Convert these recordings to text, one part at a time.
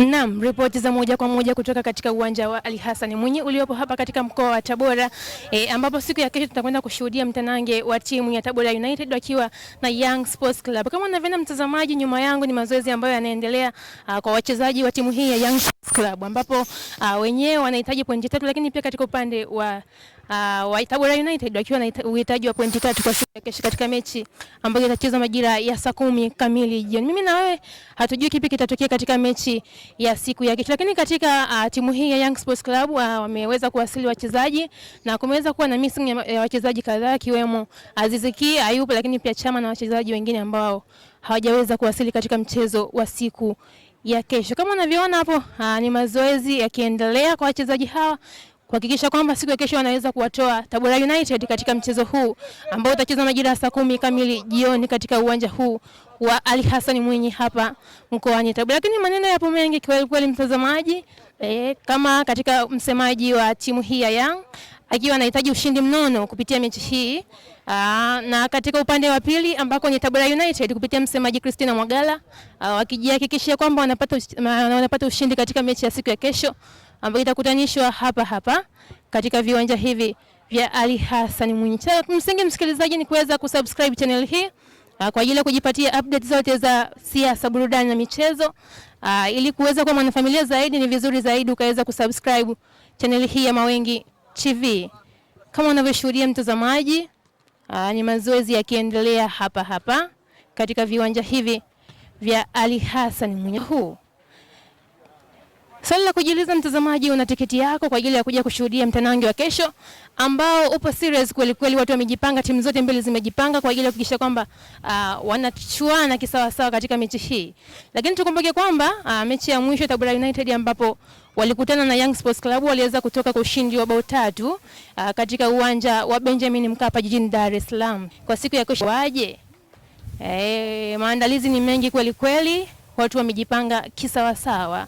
Naam, ripoti za moja kwa moja kutoka katika uwanja wa Ali Hassan Mwinyi uliopo hapa katika mkoa wa Tabora e, ambapo siku ya kesho tutakwenda kushuhudia mtanange wa timu ya Tabora United wakiwa na Young Sports Club. Kama unavyoona mtazamaji, nyuma yangu ni mazoezi ambayo yanaendelea kwa wachezaji wa timu hii ya Young Sports Club ambapo wenyewe wanahitaji pointi tatu, lakini pia katika upande wa uh, ah, Tabora United wakiwa na uhitaji wa pointi tatu kwa siku ya kesho katika mechi ambayo itachezwa majira ya saa kumi kamili jioni. Mimi na wewe hatujui kipi kitatokea katika mechi ya siku ya kesho, lakini katika uh, timu hii ya Young Sports Club uh, wameweza kuwasili wachezaji na kumeweza kuwa na missing ya ya wachezaji kadhaa akiwemo Aziziki Ayubu, lakini pia Chama na wachezaji wengine ambao hawajaweza kuwasili katika mchezo wa siku ya kesho. Kama unavyoona hapo, ni mazoezi yakiendelea kwa wachezaji hawa kuhakikisha kwamba siku ya kesho wanaweza kuwatoa Tabora United katika mchezo huu ambao utachezwa majira ya saa kumi kamili jioni katika uwanja huu wa Ali Hassan Mwinyi hapa mkoani Tabora. Lakini maneno yapo mengi kweli kweli, mtazamaji e, kama katika msemaji wa timu hii ya Young akiwa anahitaji ushindi mnono kupitia mechi hii. Aa, na katika upande wa pili ambako ni Tabora United kupitia msemaji Christina Mwagala wakijihakikishia kwamba wanapata, wanapata ushindi katika mechi ya siku ya kesho ambayo itakutanishwa hapa hapa katika viwanja hivi vya Ali Hassan Mwinyi. Msingi msikilizaji ni kuweza kusubscribe channel hii kwa ajili ya kujipatia update zote za siasa, burudani na michezo. Aa, Ili kuweza kuwa mwanafamilia zaidi, ni vizuri zaidi ukaweza kusubscribe channel hii ya Mawengi TV. Kama unavyoshuhudia mtazamaji, ah, ni mazoezi yakiendelea hapa hapa katika viwanja hivi vya Ali Hassan Mwinyi huu Swali la kujiuliza mtazamaji, una tiketi yako kwa ajili ya kuja kushuhudia mtanange wa kesho ambao upo serious kweli kweli, watu wamejipanga, timu zote mbili zimejipanga kwa ajili ya kuhakikisha kwamba uh, wanachuana kisawasawa katika mechi hii. Lakini tukumbuke kwamba uh, mechi ya mwisho Tabora United ambapo walikutana na Young Sports Club waliweza kutoka kwa ushindi wa bao tatu uh, katika uwanja wa Benjamin Mkapa jijini Dar es Salaam. Kwa siku ya kesho waje, eh, maandalizi ni mengi kweli kweli, watu wamejipanga kisawasawa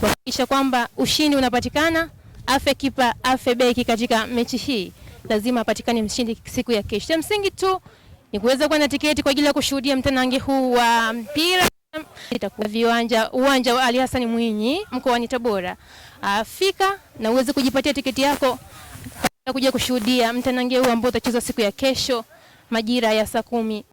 kuhakikisha kwamba ushindi unapatikana. Afe kipa afe beki katika mechi hii, lazima apatikane mshindi siku ya kesho. Cha msingi tu ni kuweza kuwa na tiketi kwa ajili ya kushuhudia mtanange huu wa mpira itakuwa viwanja uwanja wa Ali Hassan Mwinyi mkoani Tabora. Afika na uweze kujipatia tiketi yako kuja kushuhudia mtanange huu ambao utachezwa siku ya kesho majira ya saa kumi.